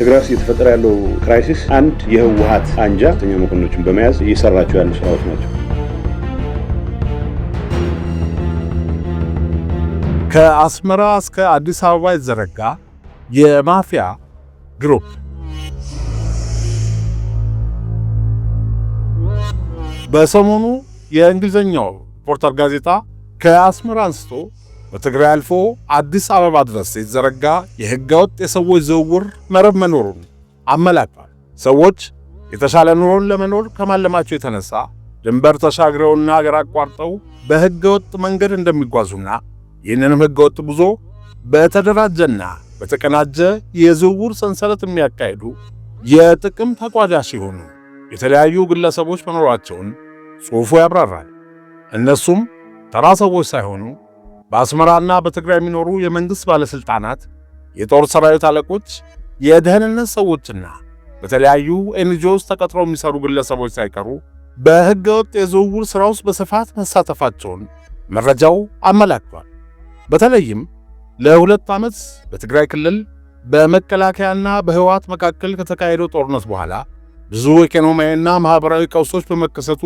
ትግራይ ውስጥ እየተፈጠረ ያለው ክራይሲስ አንድ የህወሀት አንጃ ተኛ መኮንኖችን በመያዝ እየሰራቸው ያሉ ስራዎች ናቸው። ከአስመራ እስከ አዲስ አበባ የተዘረጋ የማፊያ ግሩፕ በሰሞኑ የእንግሊዝኛው ፖርታል ጋዜጣ ከአስመራ አንስቶ በትግራይ አልፎ አዲስ አበባ ድረስ የተዘረጋ የህገወጥ የሰዎች ዝውውር መረብ መኖሩን አመላክቷል። ሰዎች የተሻለ ኑሮን ለመኖር ከማለማቸው የተነሳ ድንበር ተሻግረውና ሀገር አቋርጠው በህገወጥ መንገድ እንደሚጓዙና ይህንንም ህገወጥ ጉዞ በተደራጀና በተቀናጀ የዝውውር ሰንሰለት የሚያካሂዱ የጥቅም ተቋዳሽ ሲሆኑ የተለያዩ ግለሰቦች መኖራቸውን ጽሑፉ ያብራራል። እነሱም ተራ ሰዎች ሳይሆኑ በአስመራና በትግራይ የሚኖሩ የመንግሥት ባለሥልጣናት፣ የጦር ሰራዊት አለቆች፣ የደህንነት ሰዎችና በተለያዩ ኤንጂኦዎች ተቀጥረው የሚሰሩ ግለሰቦች ሳይቀሩ በሕገ ወጥ የዝውውር ሥራ ውስጥ በስፋት መሳተፋቸውን መረጃው አመላክቷል። በተለይም ለሁለት ዓመት በትግራይ ክልል በመከላከያና በህወሓት መካከል ከተካሄደው ጦርነት በኋላ ብዙ ኢኮኖሚያዊና ማኅበራዊ ቀውሶች በመከሰቱ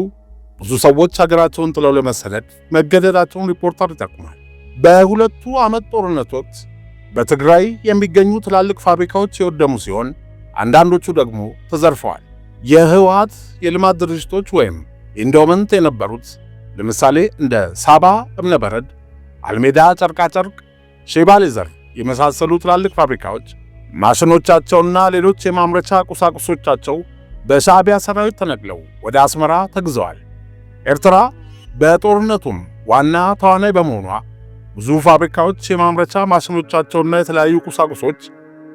ብዙ ሰዎች ሀገራቸውን ጥለው ለመሰደድ መገደዳቸውን ሪፖርተር ይጠቁማል። በሁለቱ ዓመት ጦርነት ወቅት በትግራይ የሚገኙ ትላልቅ ፋብሪካዎች የወደሙ ሲሆን አንዳንዶቹ ደግሞ ተዘርፈዋል። የህወሓት የልማት ድርጅቶች ወይም ኢንዶመንት የነበሩት ለምሳሌ እንደ ሳባ እብነበረድ፣ አልሜዳ ጨርቃጨርቅ፣ ሼባ ሌዘር የመሳሰሉ ትላልቅ ፋብሪካዎች ማሽኖቻቸውና ሌሎች የማምረቻ ቁሳቁሶቻቸው በሻዕቢያ ሰራዊት ተነቅለው ወደ አስመራ ተግዘዋል። ኤርትራ በጦርነቱም ዋና ተዋናይ በመሆኗ ብዙ ፋብሪካዎች የማምረቻ ማሽኖቻቸውና የተለያዩ ቁሳቁሶች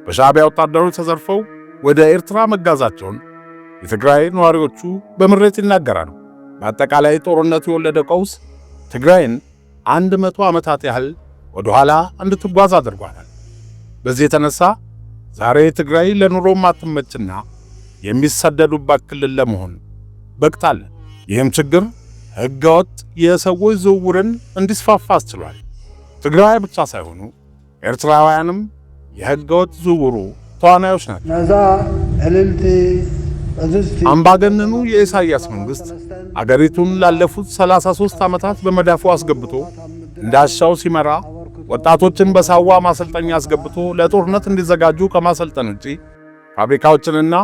በሻቢያ ወታደሮች ተዘርፈው ወደ ኤርትራ መጋዛቸውን የትግራይ ነዋሪዎቹ በምሬት ይናገራሉ። በአጠቃላይ ጦርነቱ የወለደ ቀውስ ትግራይን አንድ መቶ ዓመታት ያህል ወደኋላ እንድትጓዝ አድርጓታል። በዚህ የተነሳ ዛሬ ትግራይ ለኑሮ ማትመችና የሚሰደዱባት ክልል ለመሆን በቅታለን። ይህም ችግር ሕገወጥ የሰዎች ዝውውርን እንዲስፋፋ አስችሏል። ትግራይ ብቻ ሳይሆኑ ኤርትራውያንም የህገወጥ ዝውውሩ ተዋናዮች ናቸው። አምባገነኑ የኢሳያስ መንግሥት አገሪቱን ላለፉት 33 ዓመታት በመዳፉ አስገብቶ እንዳሻው ሲመራ ወጣቶችን በሳዋ ማሰልጠኛ አስገብቶ ለጦርነት እንዲዘጋጁ ከማሰልጠን ውጪ ፋብሪካዎችንና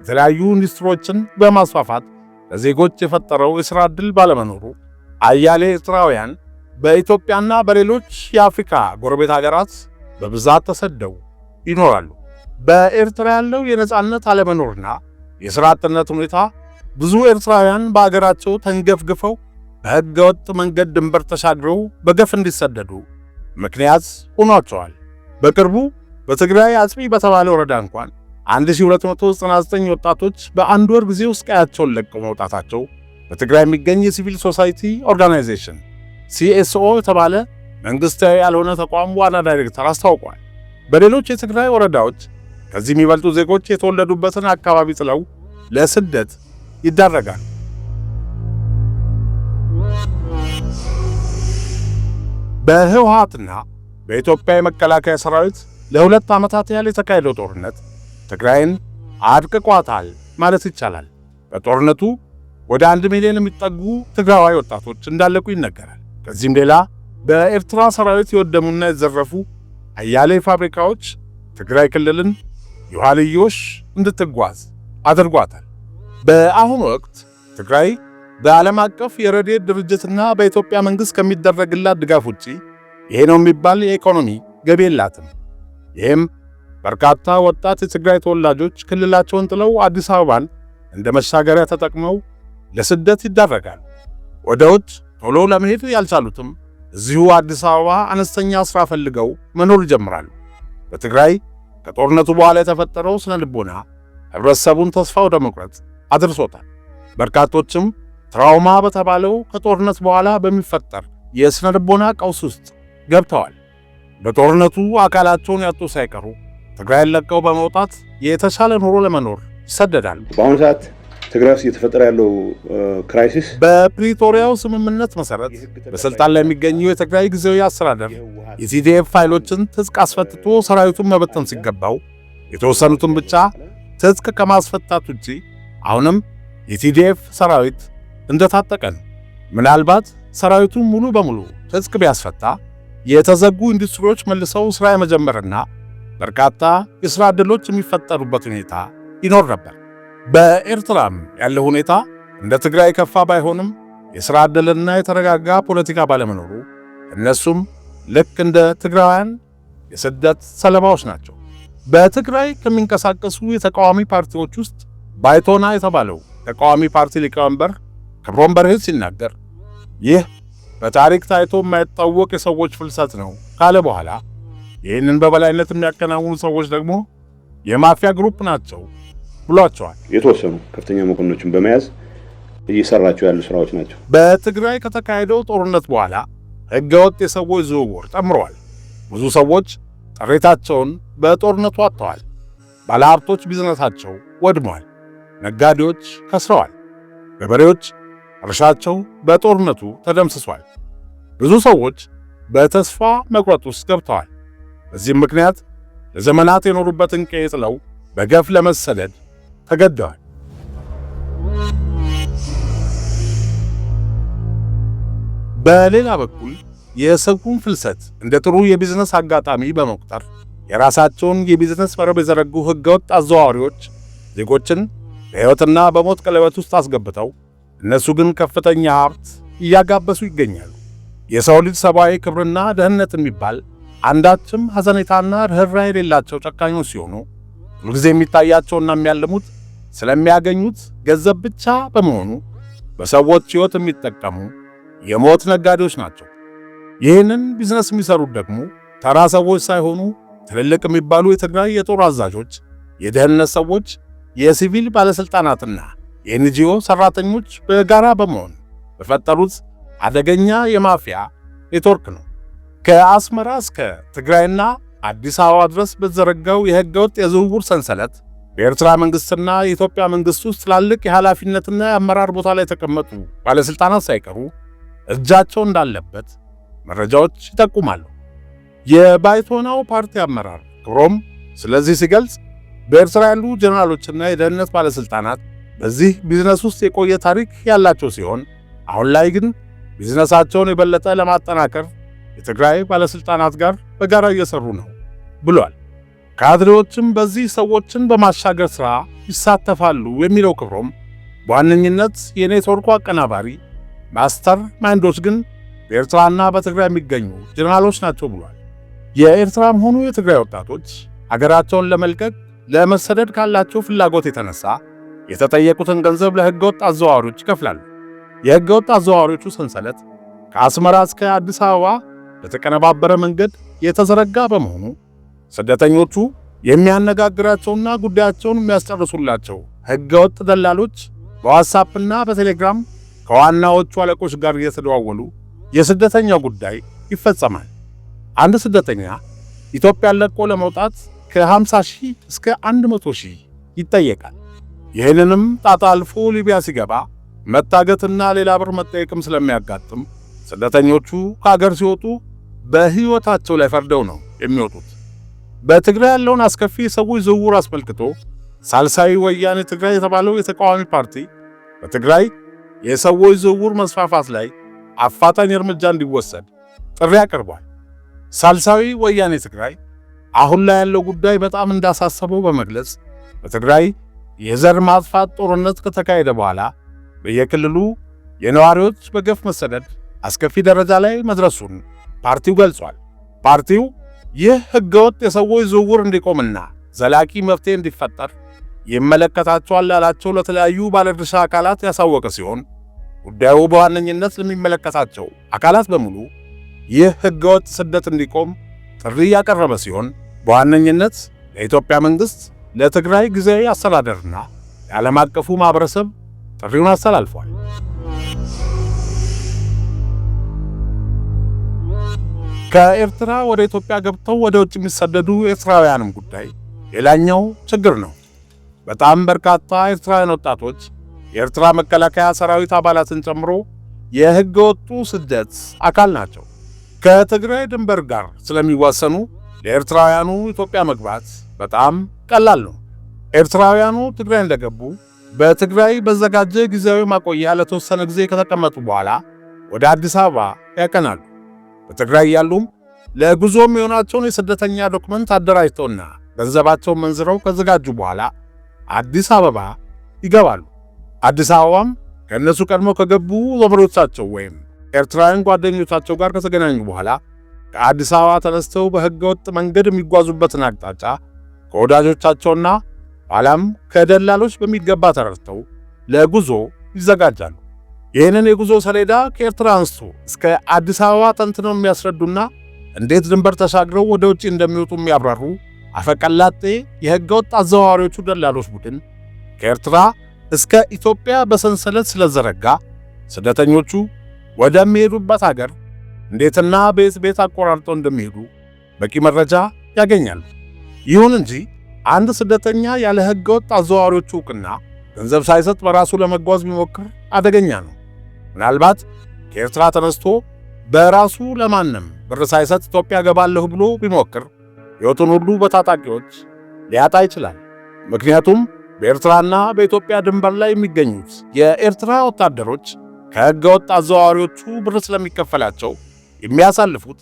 የተለያዩ ኢንዱስትሪዎችን በማስፋፋት ለዜጎች የፈጠረው የሥራ ዕድል ባለመኖሩ አያሌ ኤርትራውያን በኢትዮጵያና በሌሎች የአፍሪካ ጎረቤት ሀገራት በብዛት ተሰደው ይኖራሉ። በኤርትራ ያለው የነፃነት አለመኖርና የሥራ አጥነት ሁኔታ ብዙ ኤርትራውያን በአገራቸው ተንገፍግፈው በሕገ ወጥ መንገድ ድንበር ተሻግረው በገፍ እንዲሰደዱ ምክንያት ሆኗቸዋል። በቅርቡ በትግራይ አጽቢ በተባለ ወረዳ እንኳን 1299 ወጣቶች በአንድ ወር ጊዜ ውስጥ ቀያቸውን ለቀው መውጣታቸው በትግራይ የሚገኝ የሲቪል ሶሳይቲ ኦርጋናይዜሽን ሲኤስኦ የተባለ መንግስታዊ ያልሆነ ተቋም ዋና ዳይሬክተር አስታውቋል። በሌሎች የትግራይ ወረዳዎች ከዚህ የሚበልጡ ዜጎች የተወለዱበትን አካባቢ ጥለው ለስደት ይዳረጋል። በህወሓትና በኢትዮጵያ የመከላከያ ሰራዊት ለሁለት ዓመታት ያህል የተካሄደው ጦርነት ትግራይን አድቅቋታል ማለት ይቻላል። በጦርነቱ ወደ አንድ ሚሊዮን የሚጠጉ ትግራዋይ ወጣቶች እንዳለቁ ይነገራል። ከዚህም ሌላ በኤርትራ ሰራዊት የወደሙና የዘረፉ አያሌ ፋብሪካዎች ትግራይ ክልልን የውሃ ልዮሽ እንድትጓዝ አድርጓታል። በአሁኑ ወቅት ትግራይ በዓለም አቀፍ የረድኤት ድርጅትና በኢትዮጵያ መንግሥት ከሚደረግላት ድጋፍ ውጪ ይሄ ነው የሚባል የኢኮኖሚ ገቢ የላትም። ይህም በርካታ ወጣት የትግራይ ተወላጆች ክልላቸውን ጥለው አዲስ አበባን እንደ መሻገሪያ ተጠቅመው ለስደት ይዳረጋል ወደ ውጭ ቶሎ ለመሄድ ያልቻሉትም እዚሁ አዲስ አበባ አነስተኛ ስራ ፈልገው መኖር ይጀምራሉ። በትግራይ ከጦርነቱ በኋላ የተፈጠረው ስነ ልቦና ህብረተሰቡን ተስፋ ወደ መቁረጥ አድርሶታል። በርካቶችም ትራውማ በተባለው ከጦርነት በኋላ በሚፈጠር የስነ ልቦና ቀውስ ውስጥ ገብተዋል። በጦርነቱ አካላቸውን ያጡ ሳይቀሩ ትግራይን ለቀው በመውጣት የተሻለ ኑሮ ለመኖር ይሰደዳሉ። በአሁኑ ሰዓት ትግራይ ውስጥ እየተፈጠረ ያለው ክራይሲስ በፕሪቶሪያው ስምምነት መሰረት በስልጣን ላይ የሚገኘው የትግራይ ጊዜያዊ አስተዳደር የቲዲኤፍ ፋይሎችን ትጥቅ አስፈትቶ ሰራዊቱን መበተን ሲገባው የተወሰኑትን ብቻ ትጥቅ ከማስፈታት ውጪ አሁንም የቲዲኤፍ ሰራዊት እንደታጠቀ ነው። ምናልባት ሰራዊቱን ሙሉ በሙሉ ትጥቅ ቢያስፈታ የተዘጉ ኢንዱስትሪዎች መልሰው ስራ የመጀመርና በርካታ የስራ ዕድሎች የሚፈጠሩበት ሁኔታ ይኖር ነበር። በኤርትራም ያለው ሁኔታ እንደ ትግራይ ከፋ ባይሆንም የሥራ ዕድልና የተረጋጋ ፖለቲካ ባለመኖሩ እነሱም ልክ እንደ ትግራውያን የስደት ሰለባዎች ናቸው። በትግራይ ከሚንቀሳቀሱ የተቃዋሚ ፓርቲዎች ውስጥ ባይቶና የተባለው ተቃዋሚ ፓርቲ ሊቀመንበር ክብሮም በርህ ሲናገር ይህ በታሪክ ታይቶ የማይታወቅ የሰዎች ፍልሰት ነው ካለ በኋላ ይህንን በበላይነት የሚያከናውኑ ሰዎች ደግሞ የማፊያ ግሩፕ ናቸው ብሏቸዋል። የተወሰኑ ከፍተኛ መኮንኖችን በመያዝ እየሰራቸው ያሉ ስራዎች ናቸው። በትግራይ ከተካሄደው ጦርነት በኋላ ህገወጥ የሰዎች ዝውውር ጨምረዋል። ብዙ ሰዎች ጥሪታቸውን በጦርነቱ አጥተዋል። ባለሀብቶች ቢዝነሳቸው ወድመዋል። ነጋዴዎች ከስረዋል። ገበሬዎች እርሻቸው በጦርነቱ ተደምስሷል። ብዙ ሰዎች በተስፋ መቁረጥ ውስጥ ገብተዋል። በዚህም ምክንያት ለዘመናት የኖሩበትን ቀዬ ጥለው በገፍ ለመሰደድ ተገደዋል። በሌላ በኩል የሰውን ፍልሰት እንደ ጥሩ የቢዝነስ አጋጣሚ በመቁጠር የራሳቸውን የቢዝነስ መረብ የዘረጉ ህገወጥ አዘዋዋሪዎች ዜጎችን በሕይወትና በሞት ቀለበት ውስጥ አስገብተው እነሱ ግን ከፍተኛ ሀብት እያጋበሱ ይገኛሉ። የሰው ልጅ ሰብአዊ ክብርና ደህንነት የሚባል አንዳችም ሐዘኔታና ርኅራ የሌላቸው ጨካኞች ሲሆኑ ሁልጊዜ የሚታያቸውና የሚያልሙት ስለሚያገኙት ገንዘብ ብቻ በመሆኑ በሰዎች ሕይወት የሚጠቀሙ የሞት ነጋዴዎች ናቸው። ይህንን ቢዝነስ የሚሰሩት ደግሞ ተራ ሰዎች ሳይሆኑ ትልልቅ የሚባሉ የትግራይ የጦር አዛዦች፣ የደህንነት ሰዎች፣ የሲቪል ባለሥልጣናትና የኤንጂኦ ሠራተኞች በጋራ በመሆን በፈጠሩት አደገኛ የማፊያ ኔትወርክ ነው። ከአስመራ እስከ ትግራይና አዲስ አበባ ድረስ በተዘረጋው የሕገ ወጥ የዝውውር ሰንሰለት በኤርትራ መንግስትና የኢትዮጵያ መንግስት ውስጥ ትላልቅ የኃላፊነትና የአመራር ቦታ ላይ የተቀመጡ ባለሥልጣናት ሳይቀሩ እጃቸው እንዳለበት መረጃዎች ይጠቁማሉ። የባይቶናው ፓርቲ አመራር ክብሮም ስለዚህ ሲገልጽ በኤርትራ ያሉ ጀነራሎችና የደህንነት ባለሥልጣናት በዚህ ቢዝነስ ውስጥ የቆየ ታሪክ ያላቸው ሲሆን አሁን ላይ ግን ቢዝነሳቸውን የበለጠ ለማጠናከር የትግራይ ባለሥልጣናት ጋር በጋራ እየሰሩ ነው ብሏል። ካድሬዎችም በዚህ ሰዎችን በማሻገር ሥራ ይሳተፋሉ የሚለው ክብሮም በዋነኝነት የኔትወርኩ አቀናባሪ ማስተር ማይንዶች ግን በኤርትራና በትግራይ የሚገኙ ጀነራሎች ናቸው ብሏል። የኤርትራም ሆኑ የትግራይ ወጣቶች አገራቸውን ለመልቀቅ ለመሰደድ ካላቸው ፍላጎት የተነሳ የተጠየቁትን ገንዘብ ለሕገ ወጥ አዘዋዋሪዎች ይከፍላሉ። የሕገ ወጥ አዘዋዋሪዎቹ ሰንሰለት ከአስመራ እስከ አዲስ አበባ በተቀነባበረ መንገድ የተዘረጋ በመሆኑ ስደተኞቹ የሚያነጋግራቸውና ጉዳያቸውን የሚያስጨርሱላቸው ህገወጥ ደላሎች በዋትሳፕና በቴሌግራም ከዋናዎቹ አለቆች ጋር እየተደዋወሉ የስደተኛው ጉዳይ ይፈጸማል። አንድ ስደተኛ ኢትዮጵያን ለቆ ለመውጣት ከ50 ሺህ እስከ 100 ሺህ ይጠየቃል። ይህንንም ጣጣ አልፎ ሊቢያ ሲገባ መታገትና ሌላ ብር መጠየቅም ስለሚያጋጥም ስደተኞቹ ከአገር ሲወጡ በሕይወታቸው ላይ ፈርደው ነው የሚወጡት። በትግራይ ያለውን አስከፊ የሰዎች ዝውውር አስመልክቶ ሳልሳዊ ወያኔ ትግራይ የተባለው የተቃዋሚ ፓርቲ በትግራይ የሰዎች ዝውውር መስፋፋት ላይ አፋጣኝ እርምጃ እንዲወሰድ ጥሪ አቅርቧል። ሳልሳዊ ወያኔ ትግራይ አሁን ላይ ያለው ጉዳይ በጣም እንዳሳሰበው በመግለጽ በትግራይ የዘር ማጥፋት ጦርነት ከተካሄደ በኋላ በየክልሉ የነዋሪዎች በገፍ መሰደድ አስከፊ ደረጃ ላይ መድረሱን ፓርቲው ገልጿል። ፓርቲው ይህ ህገወጥ የሰዎች ዝውውር እንዲቆምና ዘላቂ መፍትሄ እንዲፈጠር ይመለከታቸዋል ያላቸው ለተለያዩ ባለድርሻ አካላት ያሳወቀ ሲሆን ጉዳዩ በዋነኝነት ለሚመለከታቸው አካላት በሙሉ ይህ ህገወጥ ስደት እንዲቆም ጥሪ ያቀረበ ሲሆን በዋነኝነት ለኢትዮጵያ መንግስት፣ ለትግራይ ጊዜያዊ አስተዳደርና ለዓለም አቀፉ ማህበረሰብ ጥሪውን አስተላልፏል። ከኤርትራ ወደ ኢትዮጵያ ገብተው ወደ ውጭ የሚሰደዱ ኤርትራውያንም ጉዳይ ሌላኛው ችግር ነው። በጣም በርካታ ኤርትራውያን ወጣቶች የኤርትራ መከላከያ ሰራዊት አባላትን ጨምሮ የህገ ወጡ ስደት አካል ናቸው። ከትግራይ ድንበር ጋር ስለሚዋሰኑ ለኤርትራውያኑ ኢትዮጵያ መግባት በጣም ቀላል ነው። ኤርትራውያኑ ትግራይ እንደገቡ በትግራይ በዘጋጀ ጊዜያዊ ማቆያ ለተወሰነ ጊዜ ከተቀመጡ በኋላ ወደ አዲስ አበባ ያቀናሉ። በትግራይ ያሉም ለጉዞ የሚሆናቸውን የስደተኛ ዶክመንት አደራጅተውና ገንዘባቸውን መንዝረው ከዘጋጁ በኋላ አዲስ አበባ ይገባሉ። አዲስ አበባም ከእነሱ ቀድሞ ከገቡ ዘመዶቻቸው ወይም ኤርትራውያን ጓደኞቻቸው ጋር ከተገናኙ በኋላ ከአዲስ አበባ ተነስተው በሕገ ወጥ መንገድ የሚጓዙበትን አቅጣጫ ከወዳጆቻቸውና ኋላም ከደላሎች በሚገባ ተረድተው ለጉዞ ይዘጋጃሉ። ይህንን የጉዞ ሰሌዳ ከኤርትራ አንስቶ እስከ አዲስ አበባ ተንትነው የሚያስረዱና እንዴት ድንበር ተሻግረው ወደ ውጭ እንደሚወጡ የሚያብራሩ አፈቀላጤ ወጥ አዘዋዋሪዎቹ ደላሎች ቡድን ከኤርትራ እስከ ኢትዮጵያ በሰንሰለት ስለዘረጋ ስደተኞቹ ወደሚሄዱበት አገር እንዴትና ቤት ቤት አቆራርጠው እንደሚሄዱ በቂ መረጃ ያገኛሉ። ይሁን እንጂ አንድ ስደተኛ ያለ ወጥ አዘዋዋሪዎቹ እውቅና ገንዘብ ሳይሰጥ በራሱ ለመጓዝ ቢሞክር አደገኛ ነው። ምናልባት ከኤርትራ ተነስቶ በራሱ ለማንም ብር ሳይሰጥ ኢትዮጵያ ገባለሁ ብሎ ቢሞክር ሕይወቱን ሁሉ በታጣቂዎች ሊያጣ ይችላል። ምክንያቱም በኤርትራና በኢትዮጵያ ድንበር ላይ የሚገኙት የኤርትራ ወታደሮች ከሕገ ወጥ አዘዋዋሪዎቹ ብር ስለሚከፈላቸው የሚያሳልፉት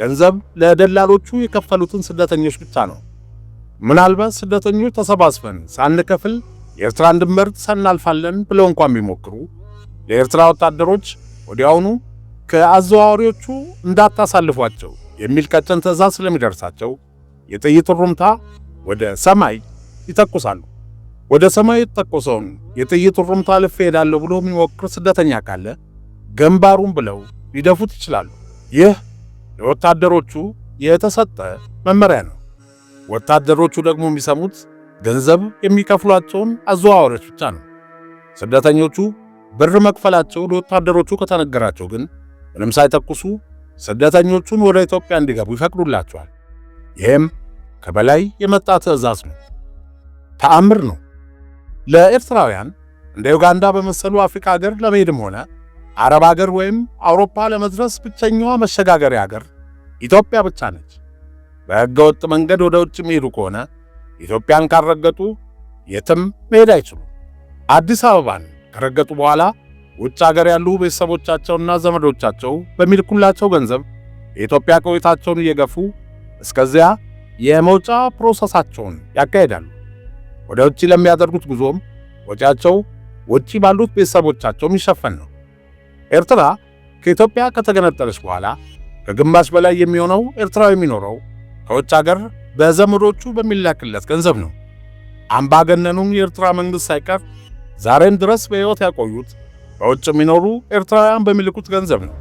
ገንዘብ ለደላሎቹ የከፈሉትን ስደተኞች ብቻ ነው። ምናልባት ስደተኞች ተሰባስበን ሳንከፍል የኤርትራን ድንበር ሳናልፋለን ብለው እንኳን ቢሞክሩ ለኤርትራ ወታደሮች ወዲያውኑ ከአዘዋዋሪዎቹ እንዳታሳልፏቸው የሚል ቀጭን ትዕዛዝ ስለሚደርሳቸው የጥይት ሩምታ ወደ ሰማይ ይተኩሳሉ። ወደ ሰማይ የተተኮሰውን የጥይት ሩምታ ልፍ እሄዳለሁ ብሎ የሚሞክር ስደተኛ ካለ ግንባሩን ብለው ሊደፉት ይችላሉ። ይህ ለወታደሮቹ የተሰጠ መመሪያ ነው። ወታደሮቹ ደግሞ የሚሰሙት ገንዘብ የሚከፍሏቸውን አዘዋዋሪዎች ብቻ ነው። ስደተኞቹ ብር መክፈላቸው ለወታደሮቹ ከተነገራቸው ግን ምንም ሳይተኩሱ ስደተኞቹን ወደ ኢትዮጵያ እንዲገቡ ይፈቅዱላቸዋል። ይህም ከበላይ የመጣ ትዕዛዝ ነው፣ ተአምር ነው። ለኤርትራውያን እንደ ዩጋንዳ በመሰሉ አፍሪካ ሀገር ለመሄድም ሆነ አረብ ሀገር ወይም አውሮፓ ለመድረስ ብቸኛዋ መሸጋገሪያ ሀገር ኢትዮጵያ ብቻ ነች። በሕገ ወጥ መንገድ ወደ ውጭ የሚሄዱ ከሆነ ኢትዮጵያን ካረገጡ የትም መሄድ አይችሉም። አዲስ አበባን ከረገጡ በኋላ ውጭ ሀገር ያሉ ቤተሰቦቻቸውና ዘመዶቻቸው በሚልኩላቸው ገንዘብ የኢትዮጵያ ቆይታቸውን እየገፉ እስከዚያ የመውጫ ፕሮሰሳቸውን ያካሂዳሉ። ወደ ውጭ ለሚያደርጉት ጉዞም ወጪያቸው ውጪ ባሉት ቤተሰቦቻቸው የሚሸፈን ነው። ኤርትራ ከኢትዮጵያ ከተገነጠለች በኋላ ከግማሽ በላይ የሚሆነው ኤርትራዊ የሚኖረው ከውጭ ሀገር በዘመዶቹ በሚላክለት ገንዘብ ነው። አምባገነኑም የኤርትራ መንግሥት ሳይቀር ዛሬም ድረስ በሕይወት ያቆዩት በውጭ የሚኖሩ ኤርትራውያን በሚልኩት ገንዘብ ነው።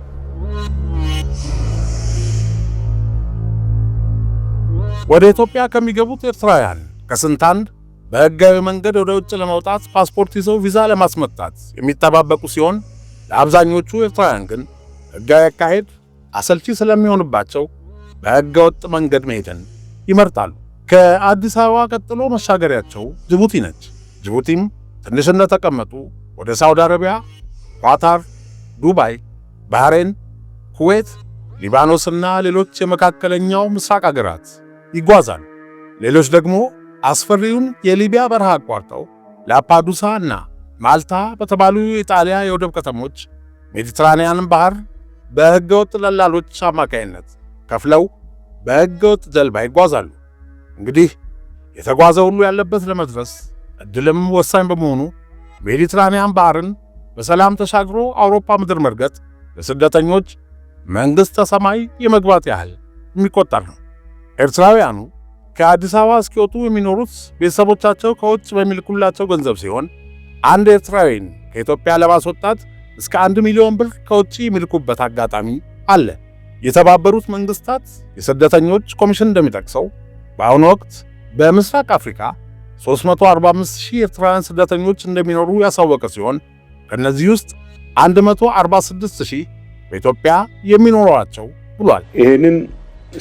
ወደ ኢትዮጵያ ከሚገቡት ኤርትራውያን ከስንት አንድ በሕጋዊ መንገድ ወደ ውጭ ለመውጣት ፓስፖርት ይዘው ቪዛ ለማስመጣት የሚጠባበቁ ሲሆን ለአብዛኞቹ ኤርትራውያን ግን ሕጋዊ አካሄድ አሰልቺ ስለሚሆንባቸው በሕገ ወጥ መንገድ መሄድን ይመርጣሉ። ከአዲስ አበባ ቀጥሎ መሻገሪያቸው ጅቡቲ ነች። ጅቡቲም ትንሽ እንደተቀመጡ ወደ ሳውዲ አረቢያ፣ ኳታር፣ ዱባይ፣ ባህሬን፣ ኩዌት፣ ሊባኖስና ሌሎች የመካከለኛው ምስራቅ አገራት ይጓዛሉ። ሌሎች ደግሞ አስፈሪውን የሊቢያ በረሃ አቋርጠው ላፓዱሳ እና ማልታ በተባሉ የጣሊያ የወደብ ከተሞች ሜዲትራንያንን ባህር በሕገወጥ ደላሎች አማካይነት ከፍለው በሕገወጥ ጀልባ ይጓዛሉ። እንግዲህ የተጓዘ ሁሉ ያለበት ለመድረስ እድልም ወሳኝ በመሆኑ ሜዲትራኒያን ባህርን በሰላም ተሻግሮ አውሮፓ ምድር መርገጥ ለስደተኞች መንግሥተ ሰማይ የመግባት ያህል የሚቆጠር ነው። ኤርትራውያኑ ከአዲስ አበባ እስኪወጡ የሚኖሩት ቤተሰቦቻቸው ከውጭ በሚልኩላቸው ገንዘብ ሲሆን አንድ ኤርትራዊን ከኢትዮጵያ ለማስወጣት እስከ አንድ ሚሊዮን ብር ከውጭ የሚልኩበት አጋጣሚ አለ። የተባበሩት መንግስታት የስደተኞች ኮሚሽን እንደሚጠቅሰው በአሁኑ ወቅት በምስራቅ አፍሪካ 345 ሺህ ኤርትራውያን ስደተኞች እንደሚኖሩ ያሳወቀ ሲሆን ከእነዚህ ውስጥ 146 ሺህ በኢትዮጵያ የሚኖሩ ናቸው ብሏል። ይህንን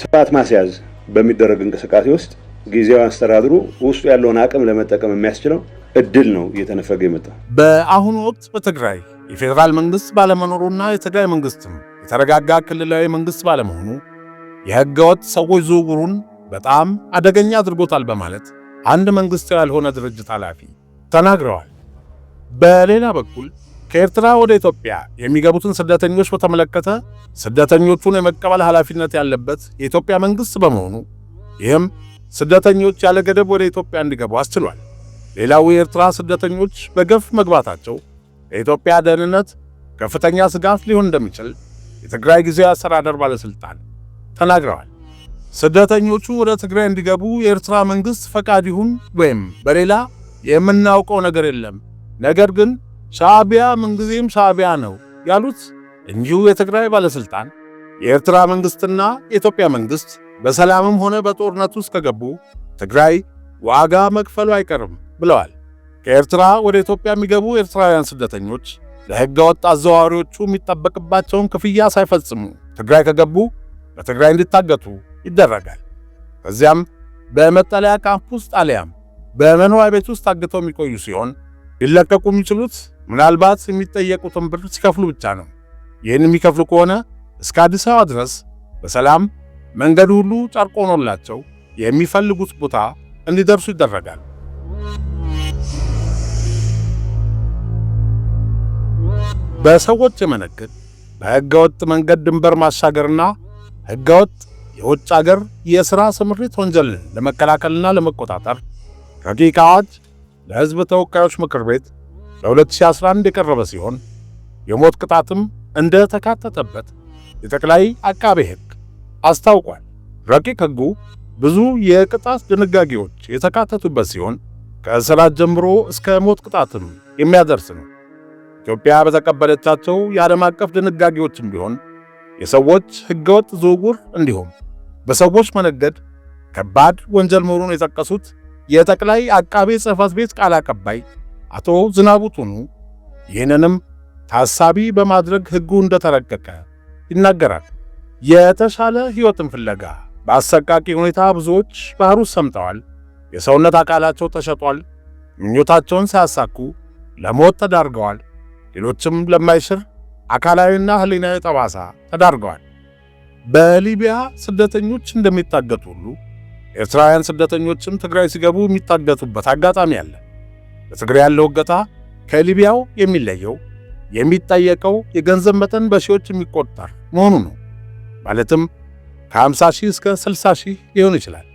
ስርዓት ማስያዝ በሚደረግ እንቅስቃሴ ውስጥ ጊዜያዊ አስተዳድሩ ውስጡ ያለውን አቅም ለመጠቀም የሚያስችለው እድል ነው እየተነፈገ የመጣ። በአሁኑ ወቅት በትግራይ የፌዴራል መንግስት ባለመኖሩና የትግራይ መንግስትም የተረጋጋ ክልላዊ መንግስት ባለመሆኑ የህገወጥ ሰዎች ዝውውሩን በጣም አደገኛ አድርጎታል በማለት አንድ መንግስት ያልሆነ ድርጅት ኃላፊ ተናግረዋል። በሌላ በኩል ከኤርትራ ወደ ኢትዮጵያ የሚገቡትን ስደተኞች በተመለከተ ስደተኞቹን የመቀበል ኃላፊነት ያለበት የኢትዮጵያ መንግሥት በመሆኑ ይህም ስደተኞች ያለ ገደብ ወደ ኢትዮጵያ እንዲገቡ አስችሏል። ሌላው የኤርትራ ስደተኞች በገፍ መግባታቸው ለኢትዮጵያ ደህንነት ከፍተኛ ስጋት ሊሆን እንደሚችል የትግራይ ጊዜያዊ አስተዳደር ባለሥልጣን ተናግረዋል። ስደተኞቹ ወደ ትግራይ እንዲገቡ የኤርትራ መንግስት ፈቃድ ይሁን ወይም በሌላ የምናውቀው ነገር የለም። ነገር ግን ሻዕቢያ ምንጊዜም ሻዕቢያ ነው ያሉት እንዲሁ የትግራይ ባለስልጣን የኤርትራ መንግስትና የኢትዮጵያ መንግስት በሰላምም ሆነ በጦርነት ውስጥ ከገቡ ትግራይ ዋጋ መክፈሉ አይቀርም ብለዋል። ከኤርትራ ወደ ኢትዮጵያ የሚገቡ ኤርትራውያን ስደተኞች ለሕገ ወጥ አዘዋዋሪዎቹ የሚጠበቅባቸውን ክፍያ ሳይፈጽሙ ትግራይ ከገቡ በትግራይ እንዲታገቱ ይደረጋል። ከዚያም በመጠለያ ካምፕ ውስጥ አሊያም በመኖሪያ ቤት ውስጥ ታግተው የሚቆዩ ሲሆን ሊለቀቁ የሚችሉት ምናልባት የሚጠየቁትን ብር ሲከፍሉ ብቻ ነው። ይህን የሚከፍሉ ከሆነ እስከ አዲስ አበባ ድረስ በሰላም መንገድ ሁሉ ጨርቅ ሆኖላቸው የሚፈልጉት ቦታ እንዲደርሱ ይደረጋል። በሰዎች የመነግድ በህገወጥ መንገድ ድንበር ማሻገርና ህገወጥ የውጭ አገር የሥራ ስምሪት ወንጀልን ለመከላከልና ለመቆጣጠር ረቂቅ አዋጅ ለሕዝብ ተወካዮች ምክር ቤት ለ2011 የቀረበ ሲሆን የሞት ቅጣትም እንደተካተተበት የጠቅላይ አቃቤ ሕግ አስታውቋል። ረቂቅ ሕጉ ብዙ የቅጣት ድንጋጌዎች የተካተቱበት ሲሆን ከእስራት ጀምሮ እስከ ሞት ቅጣትም የሚያደርስ ነው። ኢትዮጵያ በተቀበለቻቸው የዓለም አቀፍ ድንጋጌዎችም ቢሆን የሰዎች ሕገወጥ ዝውውር እንዲሁም በሰዎች መነገድ ከባድ ወንጀል መሆኑን የጠቀሱት የጠቅላይ አቃቤ ጽሕፈት ቤት ቃል አቀባይ አቶ ዝናቡ ቱኑ ይህንንም ታሳቢ በማድረግ ሕጉ እንደተረቀቀ ይናገራል። የተሻለ ሕይወትን ፍለጋ በአሰቃቂ ሁኔታ ብዙዎች ባህር ውስጥ ሰምጠዋል። የሰውነት አካላቸው ተሸጧል። ምኞታቸውን ሳያሳኩ ለሞት ተዳርገዋል። ሌሎችም ለማይሽር አካላዊና ሕሊናዊ ጠባሳ ተዳርገዋል። በሊቢያ ስደተኞች እንደሚታገቱ ሁሉ ኤርትራውያን ስደተኞችም ትግራይ ሲገቡ የሚታገቱበት አጋጣሚ አለ። በትግራይ ያለው እገታ ከሊቢያው የሚለየው የሚጠየቀው የገንዘብ መጠን በሺዎች የሚቆጠር መሆኑ ነው። ማለትም ከ50 ሺህ እስከ 60 ሺህ ሊሆን ይችላል።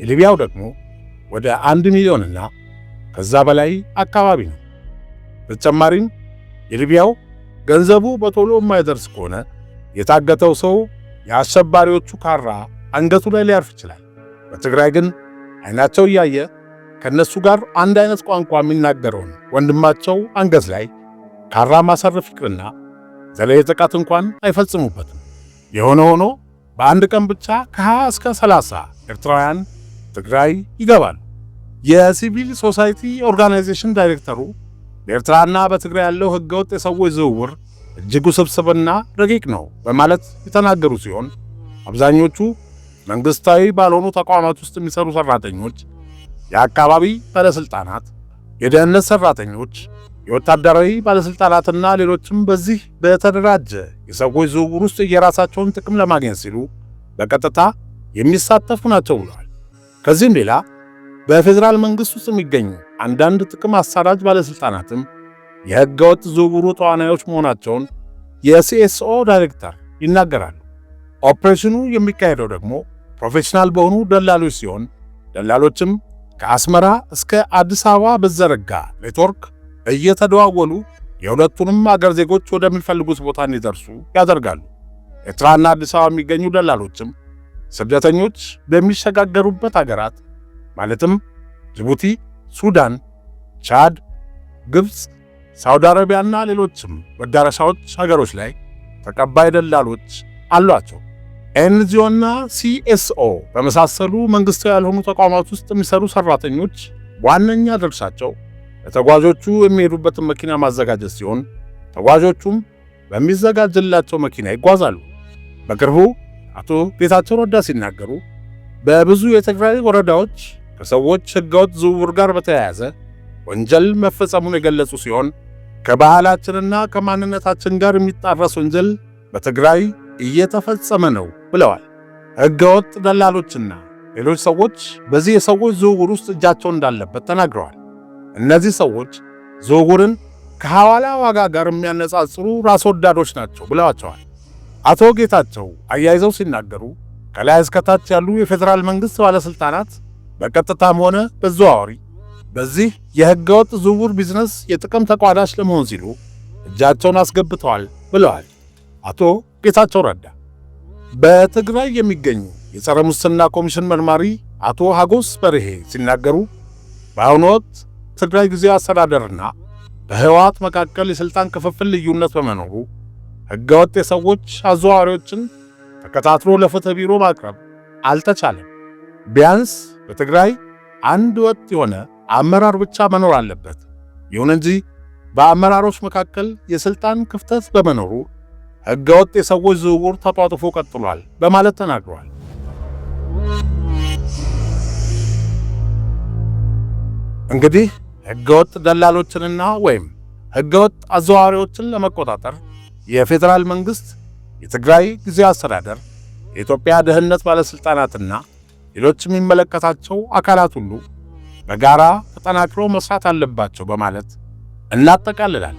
የሊቢያው ደግሞ ወደ አንድ ሚሊዮንና ከዛ በላይ አካባቢ ነው። በተጨማሪም የሊቢያው ገንዘቡ በቶሎ የማይደርስ ከሆነ የታገተው ሰው የአሸባሪዎቹ ካራ አንገቱ ላይ ሊያርፍ ይችላል። በትግራይ ግን አይናቸው እያየ ከእነሱ ጋር አንድ አይነት ቋንቋ የሚናገረውን ወንድማቸው አንገት ላይ ካራ ማሰር ፍቅርና ዘሌ ጥቃት እንኳን አይፈጽሙበትም። የሆነ ሆኖ በአንድ ቀን ብቻ ከ20 እስከ 30 ኤርትራውያን ትግራይ ይገባሉ። የሲቪል ሶሳይቲ ኦርጋናይዜሽን ዳይሬክተሩ በኤርትራና በትግራይ ያለው ህገወጥ የሰዎች ዝውውር እጅግ ውስብስብና ረቂቅ ነው በማለት የተናገሩ ሲሆን አብዛኞቹ መንግስታዊ ባልሆኑ ተቋማት ውስጥ የሚሰሩ ሰራተኞች፣ የአካባቢ ባለስልጣናት፣ የደህንነት ሰራተኞች፣ የወታደራዊ ባለስልጣናትና ሌሎችም በዚህ በተደራጀ የሰዎች ዝውውር ውስጥ የራሳቸውን ጥቅም ለማግኘት ሲሉ በቀጥታ የሚሳተፉ ናቸው ብለዋል። ከዚህም ሌላ በፌዴራል መንግስት ውስጥ የሚገኙ አንዳንድ ጥቅም አሳዳጅ ባለስልጣናትም የህገወጥ ዝውውሩ ተዋናዮች መሆናቸውን የሲኤስኦ ዳይሬክተር ይናገራሉ። ኦፕሬሽኑ የሚካሄደው ደግሞ ፕሮፌሽናል በሆኑ ደላሎች ሲሆን ደላሎችም ከአስመራ እስከ አዲስ አበባ በዘረጋ ኔትወርክ እየተደዋወሉ የሁለቱንም አገር ዜጎች ወደሚፈልጉት ቦታ እንዲደርሱ ያደርጋሉ። ኤርትራና አዲስ አበባ የሚገኙ ደላሎችም ስደተኞች በሚሸጋገሩበት አገራት ማለትም ጅቡቲ፣ ሱዳን፣ ቻድ፣ ግብፅ ሳውዲ አረቢያና ሌሎችም መዳረሻዎች ሀገሮች ላይ ተቀባይ ደላሎች አሏቸው። ኤንጂኦና ሲኤስኦ በመሳሰሉ መንግሥታዊ ያልሆኑ ተቋማት ውስጥ የሚሰሩ ሠራተኞች ዋነኛ ድርሻቸው ለተጓዦቹ የሚሄዱበትን መኪና ማዘጋጀት ሲሆን ተጓዦቹም በሚዘጋጅላቸው መኪና ይጓዛሉ። በቅርቡ አቶ ጌታቸው ረዳ ሲናገሩ በብዙ የትግራይ ወረዳዎች ከሰዎች ሕገወጥ ዝውውር ጋር በተያያዘ ወንጀል መፈጸሙን የገለጹ ሲሆን ከባህላችንና ከማንነታችን ጋር የሚጣረስ ወንጀል በትግራይ እየተፈጸመ ነው ብለዋል። ህገወጥ ደላሎችና ሌሎች ሰዎች በዚህ የሰዎች ዝውውር ውስጥ እጃቸው እንዳለበት ተናግረዋል። እነዚህ ሰዎች ዝውውርን ከሐዋላ ዋጋ ጋር የሚያነጻጽሩ ራስ ወዳዶች ናቸው ብለዋቸዋል። አቶ ጌታቸው አያይዘው ሲናገሩ ከላይ እስከታች ያሉ የፌዴራል መንግሥት ባለሥልጣናት በቀጥታም ሆነ በዘዋዋሪ። በዚህ የህገወጥ ዝውውር ቢዝነስ የጥቅም ተቋዳሽ ለመሆን ሲሉ እጃቸውን አስገብተዋል ብለዋል አቶ ጌታቸው ረዳ። በትግራይ የሚገኙ የጸረ ሙስና ኮሚሽን መርማሪ አቶ ሀጎስ በርሄ ሲናገሩ በአሁኑ ወቅት ትግራይ ጊዜ አስተዳደርና በህወሓት መካከል የሥልጣን ክፍፍል ልዩነት በመኖሩ ህገወጥ የሰዎች አዘዋዋሪዎችን ተከታትሎ ለፍትህ ቢሮ ማቅረብ አልተቻለም። ቢያንስ በትግራይ አንድ ወጥ የሆነ አመራር ብቻ መኖር አለበት። ይሁን እንጂ በአመራሮች መካከል የስልጣን ክፍተት በመኖሩ ህገወጥ የሰዎች ዝውውር ተጧጥፎ ቀጥሏል በማለት ተናግሯል። እንግዲህ ህገወጥ ደላሎችንና ወይም ህገወጥ አዘዋዋሪዎችን ለመቆጣጠር የፌዴራል መንግስት፣ የትግራይ ጊዜያዊ አስተዳደር፣ የኢትዮጵያ ደህንነት ባለሥልጣናትና ሌሎች የሚመለከታቸው አካላት ሁሉ በጋራ ተጠናክሮ መስራት አለባቸው በማለት እናጠቃልላለን።